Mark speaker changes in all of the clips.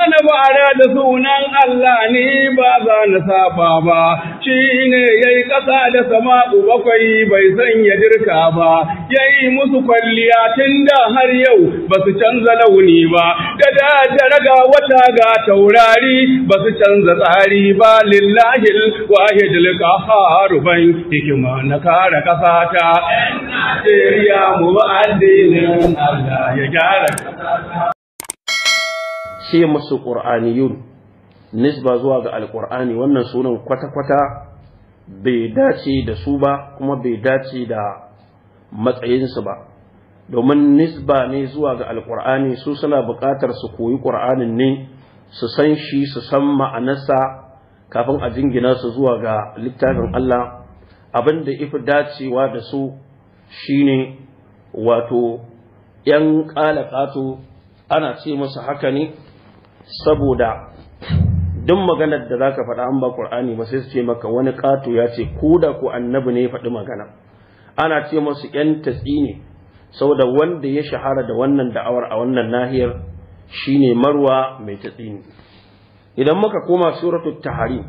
Speaker 1: Ana bara da sunan Allah ni ba za na saba ba, shi ne ya yi ƙasa da sama'u bakwai bai sanya dirka ba, ya yi musu kwalliya tun da har yau ba su canza launi ba, da da raga wata ga taurari ba su canza tsari ba lillahi wahidul qahhar ban hikima na kare ƙasa ta. Najeriya mu addinin Allah ya gyara ce masu ƙur'aniyun nisba zuwa ga alƙur'ani wannan sunan kwata-kwata bai dace da su ba kuma bai dace da matsayinsu ba domin nisba ne zuwa ga alƙur'ani su suna buƙatar su koyi ƙur'anin ne su san shi su san ma'anarsa kafin a jingina su zuwa ga littafin Allah abin da ifi dacewa da su shine wato ‘yan ƙalaƙato ana ce musu haka ne saboda duk maganar da zaka faɗa an ba Qur'ani ba sai su ce maka wani ƙato ya ce ko da ko annabi ne ya faɗi magana ana ce masu ƴan tatsi ne saboda wanda ya shahara da wannan da'awar a wannan nahiyar shine marwa mai tatsi idan muka koma suratul tahari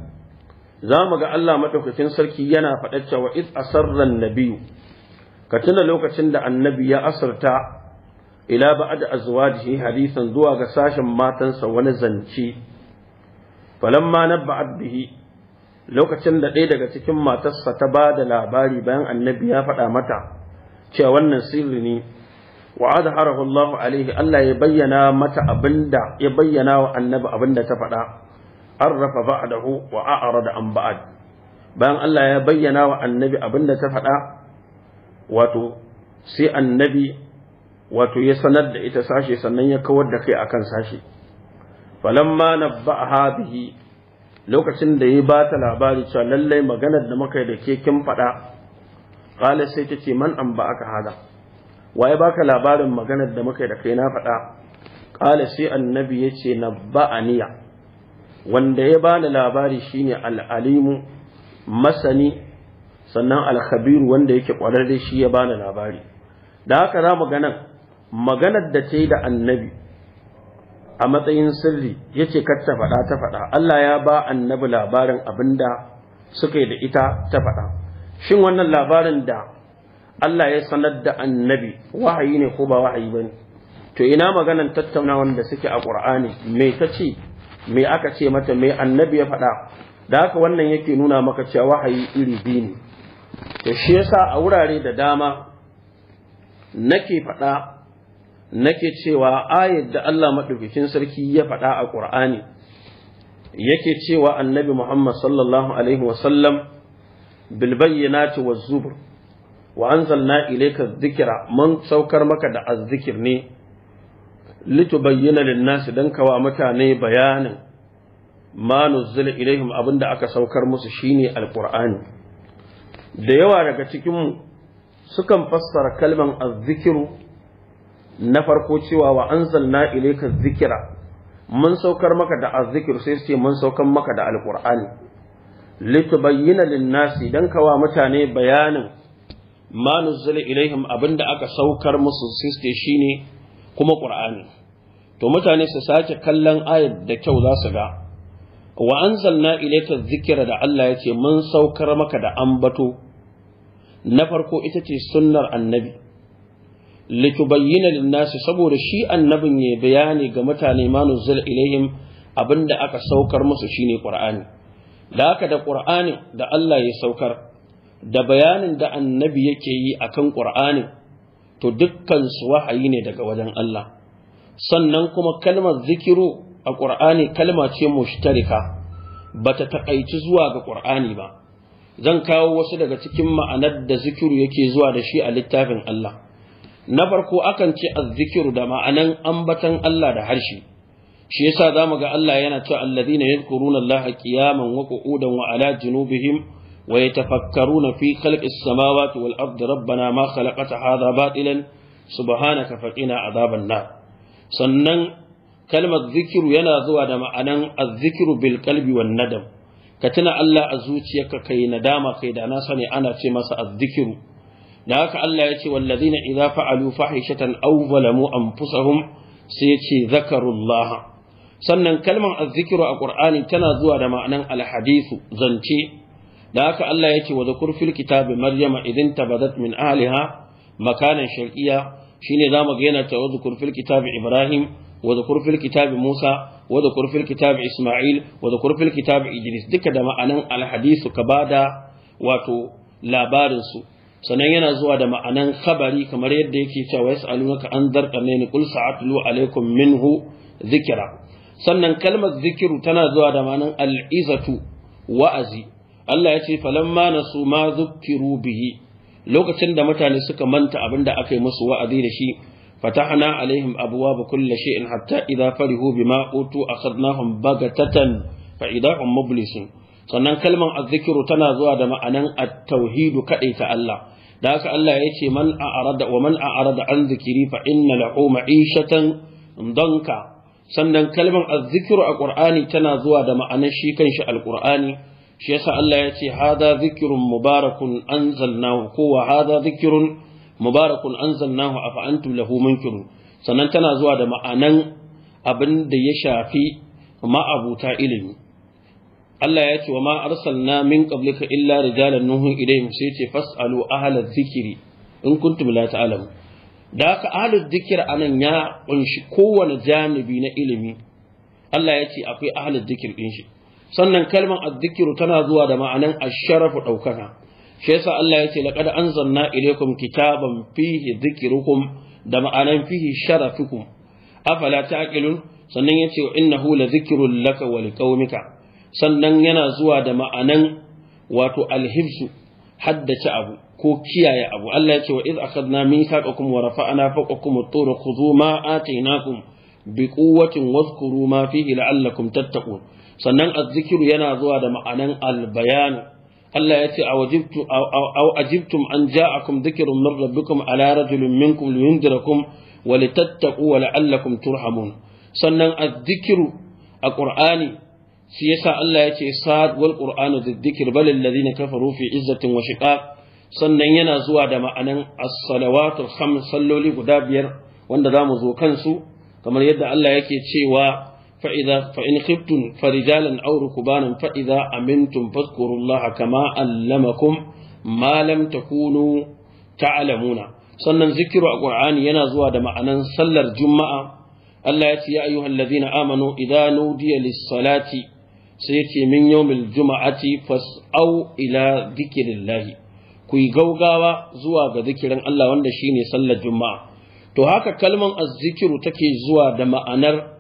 Speaker 1: za mu ga Allah madaukakin sarki yana faɗa cewa iz asarran nabiyyu ka tuna lokacin da annabi ya asarta ila ba'ad azwajihi hadisan zuwa ga sashin matansa wani zance falamma nabba'at bihi lokacin da ɗaya daga cikin matarsa ta ba da labari bayan annabi ya faɗa mata cewa wannan sirri ne wa azharahu Allah alaihi Allah ya bayyana mata abinda ya bayyana wa annabi abinda ta faɗa arrafa ba'dahu wa a'rada an ba'd bayan Allah ya bayyana wa annabi abinda ta faɗa wato sai annabi wato ya sanar da ita sashe sannan ya kawar da kai akan sashe falamma nabba'aha bihi lokacin da ya ba ta labari cewa lallai maganar da muka da ke kin faɗa qala sai ta ce man an aka hada waye baka labarin maganar da muka da kai na faɗa qala sai annabi ya ce nabba'aniya wanda ya bani labari shine al-alimu masani sannan al-khabiru wanda yake kwararre shi ya bani labari da haka za mu ga maganar da ta yi da annabi a matsayin sirri ya ce kar ta faɗa ta faɗa Allah ya ba annabi labarin abin da suka yi da ita ta faɗa shin wannan labarin da Allah ya sanar da annabi wahayi ne ko ba wahayi ba ne to ina maganar tattauna da suke a ƙur'ani me ta ce me aka ce mata me annabi ya faɗa da haka wannan yake nuna maka cewa wahayi iri biyu ne to shi yasa a wurare da dama nake faɗa nake cewa ayat da Allah maɗaukakin sarki ya faɗa a ƙur'ani yake cewa annabi Muhammad sallallahu alaihi wasallam bilbayyanati wa zubur wa anzalna ilayka dhikra man saukar maka da azzikir ne litubayyana lin-nas dan kawa mutane bayanin ma nuzila ilaihim abinda aka saukar musu shine alqur'ani da yawa daga cikin mu sukan fassara kalman azzikiru na farko cewa wa anzalna ilayka dhikra mun saukar maka da azzikir sai su ce mun saukar maka da alqur'ani litubayyana lin-nasi dan kawa mutane bayanin ma nuzila ilaihim abinda aka saukar musu sai su shine kuma qur'ani to mutane su sace kallon ayat da kyau za su ga wa anzalna ilayka dhikra da Allah ya ce mun saukar maka da ambato na farko ita ce sunnar annabi litubayyana lin saboda shi annabin ya bayani ga mutane ma nuzul ilaihim abinda aka saukar musu shine Qur'ani da haka da Qur'ani da Allah ya saukar da bayanin da annabi yake yi akan Qur'ani to dukkan su wahayi ne daga wajen Allah sannan kuma kalmar zikiru a Qur'ani kalma ce mushtarika bata takaici zuwa ga Qur'ani ba zan kawo wasu daga cikin ma'anar da zikiru yake zuwa da shi a littafin Allah na farko akan ce azzikiru da ma'anan ambatan Allah da harshe shi yasa zamu ga Allah yana cewa alladhina yadhkuruna Allah qiyaman wa qu'udan wa ala junubihim wa yatafakkaruna fi khalqis samawati wal ardi rabbana ma khalaqta hadha batilan subhanaka faqina adhaban nar sannan kalmar zikiru yana zuwa da ma'anan azzikiru bil qalbi wan nadam ka tuna Allah a zuciyarka kai nadama kai da na sani ana ce masa azzikiru da haka Allah ya ce wallazina idza fa'alu fahishatan aw zalamu anfusahum sai ya ce zakarullah sannan kalmar azzikiru a qur'ani tana zuwa da ma'anan alhadisu zance da haka Allah ya ce wa zakur fil kitabi maryama idin tabadat min ahliha makanan sharqiyya shine zamu ga yana ta wa zakur fil kitabi ibrahim wa zakur fil kitabi musa wa zakur fil kitabi isma'il wa zakur fil kitabi idris duka da ma'anan alhadisu ka bada wato labarin su sannan yana zuwa da ma'anan khabari kamar yadda yake cewa yas'alunaka an darqanaini qul sa'atlu alaikum minhu zikira. sannan kalmar zikiru tana zuwa da ma'anan al'izatu wa'azi Allah ya ce falamma nasu ma zukiru bihi lokacin da mutane suka manta abin da aka yi musu wa'azi da shi fatahna alaihim abwaaba kulli shay'in hatta idza farihu bima utu akhadnahum bagatatan fa idza hum mublisun sannan kalman azzikiru tana zuwa da ma'anan at-tauhidu ta Allah da haka Allah ya ce man a'rada wa man a'rada an zikiri fa inna lahu ma'ishatan danka sannan kalman azzikiru a Qur'ani tana zuwa da ma'anan shi kanshi al-Qur'ani shi yasa Allah ya ce hada zikirun mubarakun anzalnahu ko wa hada zikirun mubarakun anzalnahu afa antum lahu munkirun sannan tana zuwa da ma'anan abin da ya shafi ma'abuta ilimi Allah ya ce wa ma arsalna min qablika illa rijalan nuhu ilayhim sai ce fasalu ahla dhikri in kuntum la ta'lamu da haka ahla dhikr anan ya kunshi kowane janibi na ilimi Allah ya ce akwai ahla dhikr din shi sannan kalmar adh-dhikru tana zuwa da ma'anan ash-sharafu daukaka shi yasa Allah ya ce laqad anzalna ilaykum kitaban fihi dhikrukum da ma'anan fihi sharafukum afala ta'qilun sannan yace innahu la dhikrun laka wa liqaumika sannan yana zuwa da ma'anan wato alhifzu haddace abu ko kiyaye abu Allah ya ce wa iz akhadna mithaqakum wa rafa'na fawqakum at-tur khudhu ma atainakum bi quwwatin wadhkuru ma fihi la'allakum tattaqun sannan az-zikru yana zuwa da ma'anan al-bayan Allah ya ce awajibtu aw ajibtum an ja'akum dhikrun min rabbikum ala rajulin minkum liyundirakum wa litattaqu wa la'allakum turhamun sannan az-zikru a Qur'ani shi yasa Allah ya ce sa'ad wal qur'anu dhikr bal alladhina kafaru fi izzatin wa shiqaq sannan yana zuwa da ma'anan as-salawatu khams salloli guda biyar wanda zamu zo kansu kamar yadda Allah yake cewa fa idza fa in khiftum farijalan aw rukbanan fa idza amintum fadhkurullaha kama allamakum ma lam takunu ta'lamuna sannan zikiru a ƙur'ani yana zuwa da ma'anan sallar juma'a Allah ya ce ya ayyuhal ladina amanu idza nudiya lis-salati sai ya ce min yawmil juma'ati fas'au ila dhikrillah ku yi gaugawa zuwa ga zikirin Allah wanda shine sallar juma'a to haka kalman azzikiru take zuwa da ma'anar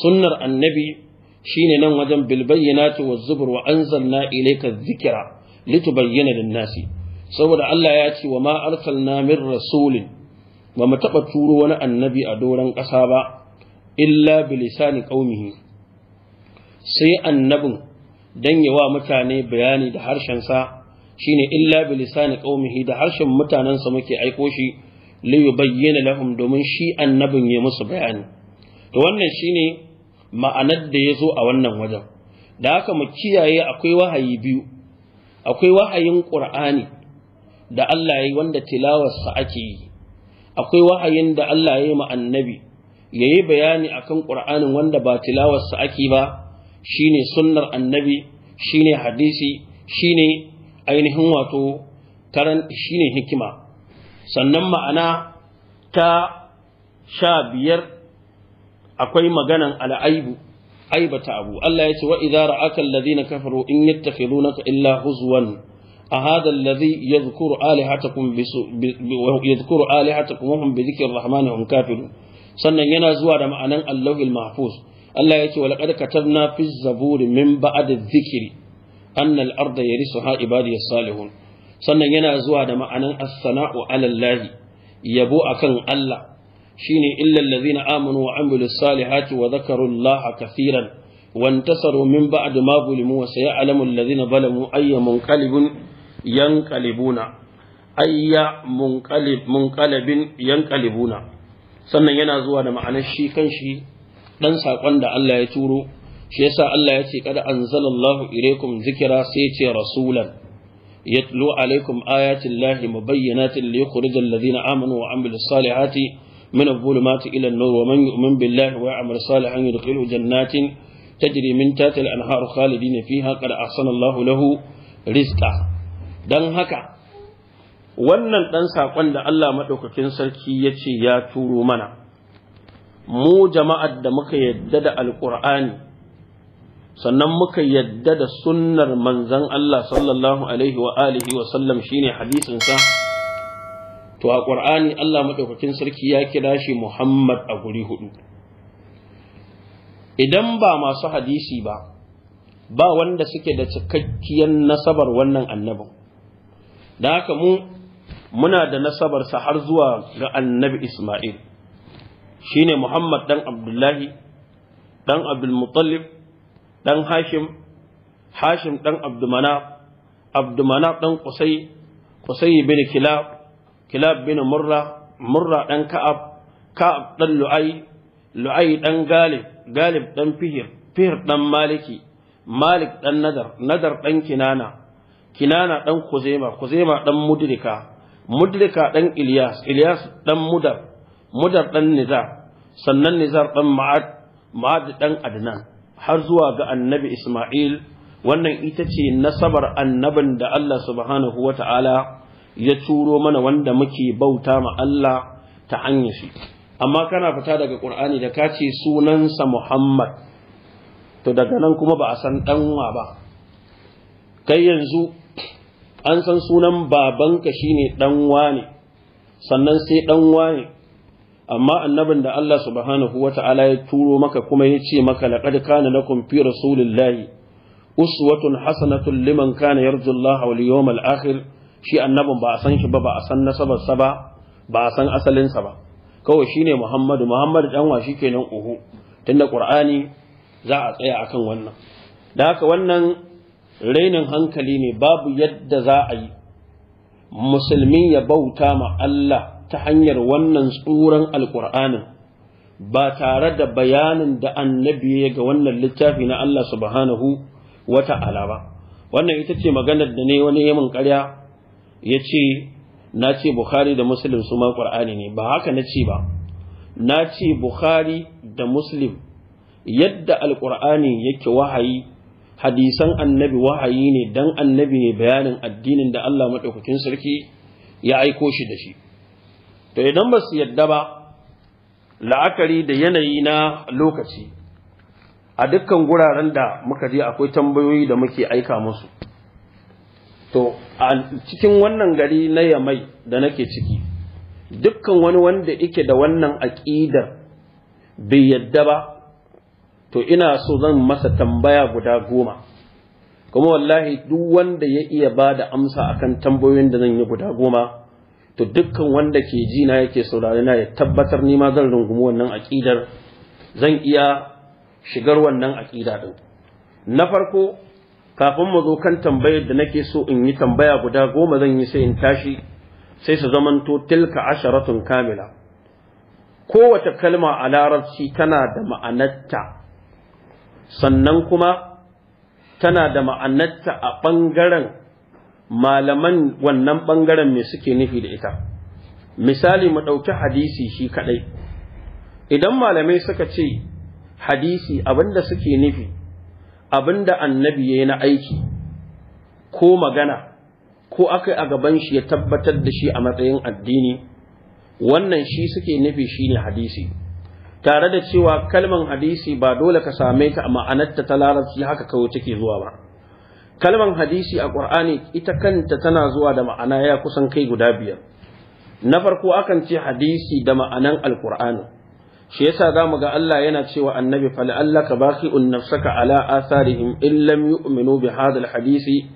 Speaker 1: sunnar annabi shine nan wajen bil bayyinati waz zubur wa anzalna ilayka dhikra litubayyana lin-nasi saboda Allah ya ce wa ma arsalna min rasulin ba mu taɓa turo wani annabi a doron ƙasa ba illa bilisani qaumihi sai annabin dan yawa mutane bayani da harshen sa shine illa bi ƙaumihi qaumihi da harshen sa muke aiko shi li yubayyana lahum domin shi annabin ya musu bayani to wannan shine ma'anar da ya zo a wannan wajen da haka mu kiyaye akwai wahayi biyu akwai wahayin ƙur'ani da Allah yayi wanda tilawarsa ake yi akwai wahayin da Allah yayi ma annabi yayi bayani akan ƙur'anin wanda ba tilawarsa ake ba shine sunnar annabi shine hadisi shine ainihin wato karan shine hikima sannan ma'ana ta sha biyar akwai maganan al'aibu aibata abu Allah ya ce wa idza ra'aka alladhina kafaru in yattakhidunaka illa huzwan أهذا الذي يذكر آلهتكم يذكر آلهتكم وهم بذكر الرحمن هم كافرون sannan yana zuwa da ma'anan Allahul Mahfuz Allah yake wala katar na fi zaburi min ba'd zikiri dhikri anna al-arda yari ibadi as-salihun sannan yana zuwa da ma'anan as-sana'u 'ala Allah yabo akan Allah shine illa allazina amanu wa amilus salihati wa dhakaru Allah kaseeran وانتصروا من بعد ما ظلموا وسيعلم الذين ظلموا أي منقلب ينقلبون أي منقلب منقلب ينقلبون sannan yana zuwa da ma'anar shi kan shi Ɗan sakon da Allah ya turo shi yasa Allah ya ce kada anzalallahu ilaikum zikira sai ce rasulan yatlu alaikum ayatin lahi mubayyinatin li yukhrijal ladina amanu wa amilus salihati min adh-dhulumati ila an-nur wa man yu'min billahi wa ya'mal salihan yudkhilu jannatin tajri min tahtiha al-anharu khalidin fiha qad ahsana Allahu lahu rizqa Don haka wannan ɗan sakon da Allah maɗaukacin sarki ya ce ya turo mana mu jama'ar da muka yadda da alƙur'ani sannan muka yadda da sunnar manzan Allah sallallahu alaihi wa alihi wa sallam shine hadisinsa to a ƙur'ani Allah maɗaukakin sarki ya kira shi Muhammad a guri hudu idan ba masu hadisi ba ba wanda suke da cikakkiyar nasabar wannan annabin da haka mu muna da nasabarsa har zuwa ga annabi Ismail shine Muhammad dan Abdullahi dan Abdul Muttalib dan Hashim Hashim dan Abdumanaf Abdumanaf dan Qusay Qusay bin Kilab Kilab bin Murra Murra dan Ka'ab Ka'ab dan Lu'ay Lu'ay dan Galib Galib dan Fihir Fihir dan Maliki Malik dan Nadar Nadar dan Kinana Kinana dan Khuzaima Khuzaima dan Mudrika Mudrika dan Ilyas Ilyas dan Mudar mudar ɗan nizar sannan nizar ɗan ma'ad ma'ad ɗan adnan har zuwa ga annabi isma'il wannan ita ce nasabar annabin da Allah subhanahu wa ta'ala ya turo mana wanda muke bauta ma Allah ta hanyar shi amma kana fita daga Qur'ani da ka ce sunansa Muhammad to daga nan kuma ba a san ɗanwa ba kai yanzu an san sunan babanka shine danwa ne sannan sai danwa ne amma annabin da Allah subhanahu ta'ala ya turo maka kuma ya ce maka laqad kana lakum fi rasulillahi uswatun hasanatun liman kana yarju Allah wal yawmal akhir shi annabin ba a san shi ba ba a san nasabar ba ba a san asalinsa ba kawai shine Muhammadu Muhammadu dan wa kenan uhu tunda Qur'ani za a tsaya akan wannan da haka wannan rainin hankali ne babu yadda za a yi musulmi ya bauta ma Allah ta hanyar wannan tsuran alƙur'anin ba tare da bayanin da annabi ya ga wannan littafi na Allah subhanahu wa ta'ala ba wannan ita ce maganar da ne wani yamin ƙarya ya ce na ce bukhari da muslim su ma ƙur'ani ne ba haka na ce ba na ce bukhari da muslim yadda alƙur'ani yake wahayi hadisan annabi wahayi ne dan annabi ne bayanin addinin da Allah maɗaukakin sarki ya aiko shi da shi to idan ba su yadda ba la'akari da yanayi na lokaci a dukkan guraren da muka je akwai tambayoyi da muke aika musu to a cikin wannan gari na yamai da nake ciki dukkan wani wanda yake da wannan aƙidar bai yadda ba to ina so zan masa tambaya guda goma kuma wallahi duk wanda ya iya ba da amsa akan tambayoyin da zan yi guda goma to dukkan wanda ke ji na yake saurare na ya tabbatar ni ma zan rungumi wannan aqidar zan iya shigar wannan aqida din na farko kafin mu zo kan tambayar da nake so in yi tambaya guda goma zan yi sai in tashi sai su zamanto tilka asharatun kamila kowace kalma a larabci tana da ma'anarta sannan kuma tana da ma'anarta a ɓangaren malaman wannan ɓangaren me suke nufi da ita misali mu ɗauki hadisi shi kaɗai idan malamai suka ce hadisi abinda suke nufi abinda annabi ya na aiki ko magana ko aka a gaban shi ya tabbatar da shi a matsayin addini wannan shi suke nufi shi ne hadisi tare da cewa kalman hadisi ba dole ka same ta a ma'anarta ta larabci haka kawai take zuwa ba kalman hadisi a ƙur'ani ita kanta tana zuwa da ma'ana ya kusan kai guda biyar na farko akan ce hadisi da ma'anan alƙur'ani shi yasa za mu ga Allah yana cewa annabi fa la'allaka baqi'un nafsaka ala asarihim in lam yu'minu bi hadha hadisi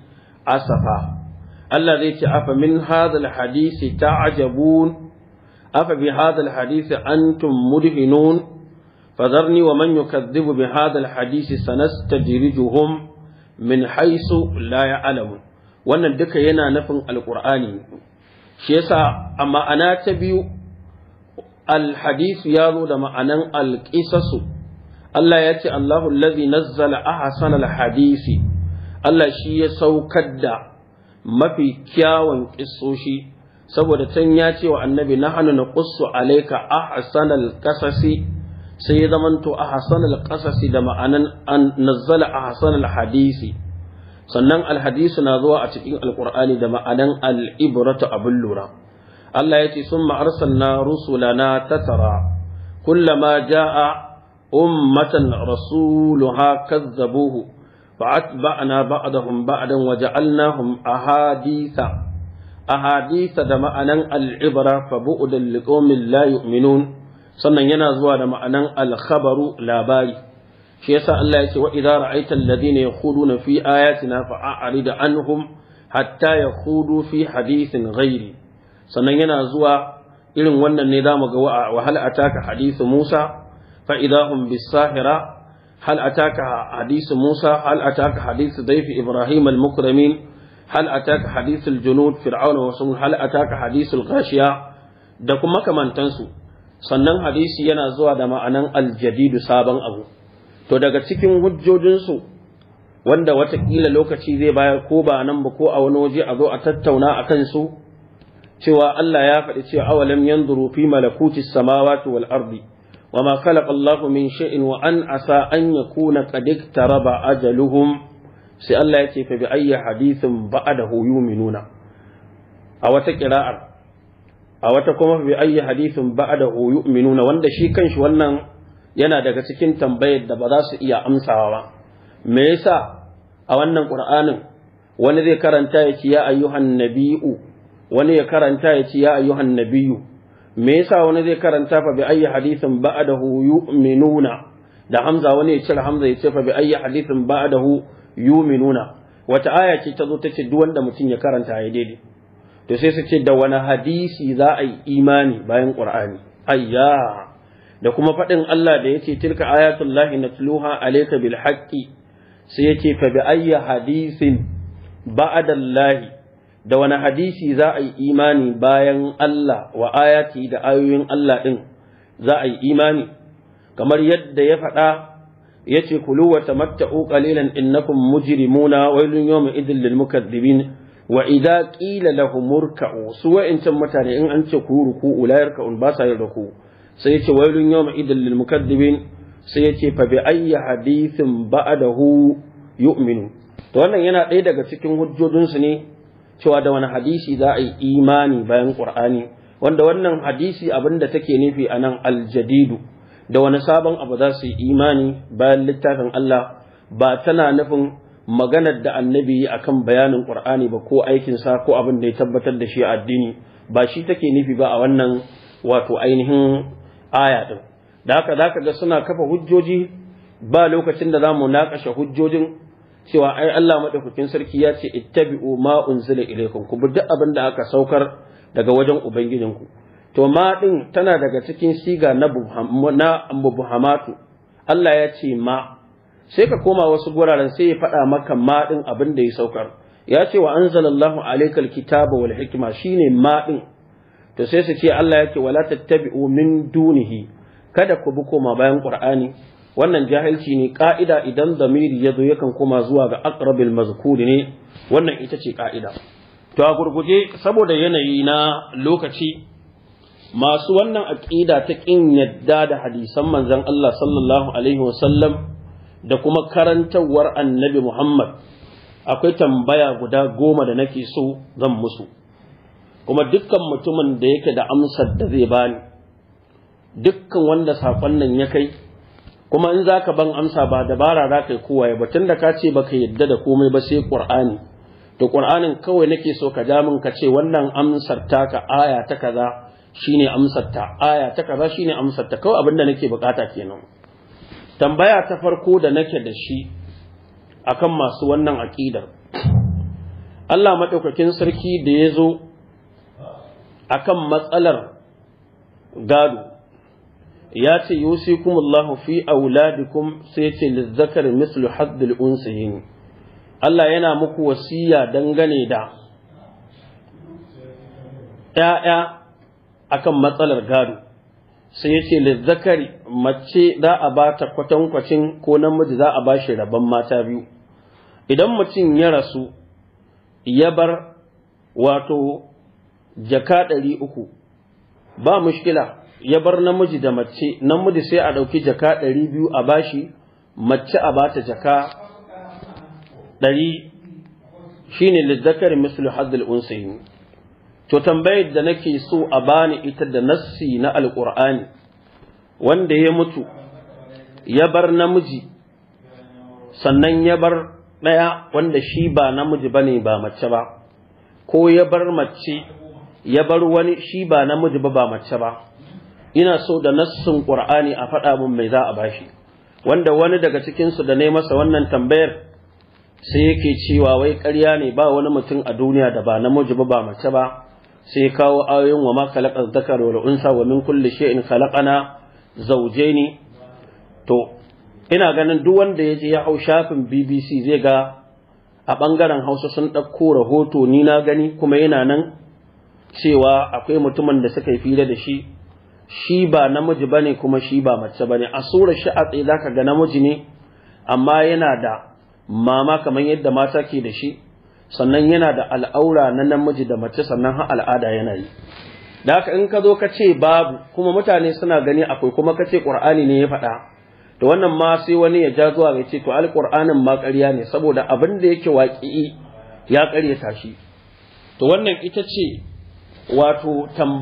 Speaker 1: asafa Allah zai ce afa min hadha hadisi ta'jabun afa bi hadha hadisi antum mudhinun فذرني ومن hadisi sanasta الحديث سنستدرجهم min haisu la ya alamu? wannan duka yana nufin Alƙur'ani. shi yasa a ma'ana ta biyu alhadisu ya zo da ma'anan alqisasu Allah ya ce Allahu allazi nazzala ahsana alhadisi Allah shi ya saukar da mafi kyawun kissoshi saboda can ya ce wa annabi nahnu naqussu alayka ahsanal ƙasasi. sai ya zamanto a hasan al da ma'anan an nazzala a hasan hadisi sannan alhadisi na zuwa a cikin Alƙur'ani da ma'anan al-ibratu abul lura Allah ya ce sun na tasara, rusulana ma ja jaa ummatan rasuluha kazzabuhu fa'atba'na ba'dahum ba'dan waja'alnahum ahadisa ahadisa da ma'anan al'ibra fa bu'dan liqaumin la yu'minun sannan yana zuwa da ma'anan alkhabaru labari shi yasa Allah ya ce wa idza ra'aita alladhina yakhuduna fi ayatina fa'arid anhum hatta yakhudu fi hadithin ghairi sannan yana zuwa irin wannan ne zamu ga wa hal ataka hadithu Musa fa idahum bis-sahira هل أتاك حديث موسى هل أتاك حديث ضيف إبراهيم المكرمين هل أتاك حديث الجنود فرعون ورسوله هل أتاك حديث sannan hadisi yana zuwa da ma'anan aljadidu sabon abu to daga cikin hujjojinsu wanda watakila lokaci zai bayar ko ba nan ba ko a wani waje a zo a tattauna a kansu cewa Allah ya faɗi cewa awalam yanzuru fi malakuti samawati wal ardi وما خلق الله من شيء وأن عسى أن ajaluhum sai allah أجلهم سأل الله يتي فبأي حديث بعده a wata تكراء a wata kuma bi ayi hadithun ba'da yu'minuna wanda shi kanshi wannan yana daga cikin tambayar da ba za su iya amsawa ba me yasa a wannan qur'anin wani zai karanta ya ce ya ayyuhan nabiyyu wani ya karanta ya ce ya ayyuhan nabiyyu me yasa wani zai karanta fa bi ayyi hadithin hu yu'minuna da hamza wani ya cire hamza ya ce fa bi ayyi hadithin hu yu'minuna wata aya ce ta zo ta ce duk wanda mutum ya karanta ya daidai da sai su ce da wani hadisi za a yi imani bayan ƙur'ani ayya da kuma faɗin Allah da yace tilka ayatul lahi tuluha alaika bil haqqi sai yace fa bi ayya hadisin ba'adallahi, lahi da wani hadisi za a yi imani bayan Allah wa ayati da ayoyin Allah ɗin za a yi imani kamar yadda ya faɗa ya ce kulu wa tamatta'u qalilan innakum mujrimuna wailun yawma idhil lil mukaththibin wa idza qila lahum murka'u su wa'incan mutane in an ce ku ruku'u ka un ba sa yin ruku'u sai yace wailun yawma idil lil mukaddibin sai yace fa bi ayyi hadithin ba'dahu yu'minu to wannan yana ɗaya daga cikin hujjojin su ne cewa da wani hadisi za a yi imani bayan qur'ani wanda wannan hadisi abinda take nufi anan aljadidu da wani sabon abu za su yi imani bayan littafin Allah ba tana nufin maganar da annabi yi akan bayanin qur'ani ba ko aikin sa ko abin da ya tabbatar da shi a addini ba shi take nufi ba a wannan wato ainihin aya din da haka zaka ga suna kafa hujjoji ba lokacin da zamu nakashe hujjojin cewa ai Allah madaukakin sarki ya ce ittabi'u ma unzila ilaykum ku bi duk abin da aka saukar daga wajen ubangijinku to ma din tana daga cikin siga na na Allah ya ce ma sai ka koma wasu guraren sai ya faɗa maka maɗin abin da ya saukar ya ce wa anzalallahu alaikal kitaba wal shi shine maɗin to sai su ce Allah yake wala tattabi'u min dunihi kada ku bi koma bayan ƙur'ani wannan jahilci ne ƙa'ida idan zamiri ya zo yakan koma zuwa ga aqrabil mazkur ne wannan ita ce ƙa'ida. to a gurguje saboda yanayi na lokaci masu wannan aƙida ta ƙin yadda da hadisan manzon Allah sallallahu alaihi wasallam da kuma karantarwar annabi Muhammad akwai tambaya guda goma da nake so zan musu kuma dukkan mutumin da yake da amsar da zai bani dukkan wanda saƙon nan ya kai kuma in zaka ka ban amsa ba dabara za ka yi kowaye ba tun da ka ce ba ka yadda da komai ba sai ƙur'ani to ƙur'anin kawai nake so ka ja min ka ce wannan amsar ka aya ta kaza shine amsar ta aya ta kaza shine amsar ta kawai abin da nake bukata kenan tambaya ta farko da nake da shi akan masu wannan aƙidar Allah maɗaukakin sarki da yazo akan matsalar gado ya ce yusikumullahu fi auladikum sai ce lizzakar mislu haddul unsiyin Allah yana muku wasiya dangane da ‘ya'ya akan matsalar gado sai ya ce lizzakari mace za a ba ta kwatankwacin ko namiji za a ba shi rabon mata biyu idan mutum ya rasu ya bar wato jaka ɗari uku ba mushkila ya bar namiji da mace namiji sai a ɗauki jaka ɗari biyu a ba shi mace a ba ta jaka ɗari Shi ne lizzakari misali haddal unsayi to tambayar da nake so a bani ita da nassi na alƙur'ani wanda ya mutu ya bar namiji sannan ya bar ɗaya wanda shi ba namiji ba ba mace ba ko ya bar mace ya bar wani shi ba namiji ba ba mace ba ina so da nassin ƙur'ani a faɗa min mai za a bashi wanda wani daga cikinsu da ne masa wannan tambayar sai yake cewa wai ƙarya ne ba wani mutum a duniya da ba namiji ba ba mace ba sai kawo ayoyin wa ma khalaqa dhakar wa unsa wa min kulli shay'in khalaqana zawjaini to ina ganin duk wanda ya je ya hau shafin BBC zai ga a bangaren Hausa sun ɗauko rahoto ni na gani kuma yana nan cewa akwai mutumin da suka yi fira da shi shi ba namiji bane kuma shi ba mace bane a surar tsaye zaka ga namiji ne amma yana da mama kamar yadda mata ke da shi sannan yana da al'aura na namiji da mace sannan har al'ada yana yi da haka in ka zo ka ce babu kuma mutane suna gani akwai kuma ka ce qur'ani ne ya faɗa to wannan ma sai wani ya ja zuwa ya ce to alqur'anin ma ƙarya ne saboda abin da yake waƙi ya ƙaryata shi to wannan ita ce wato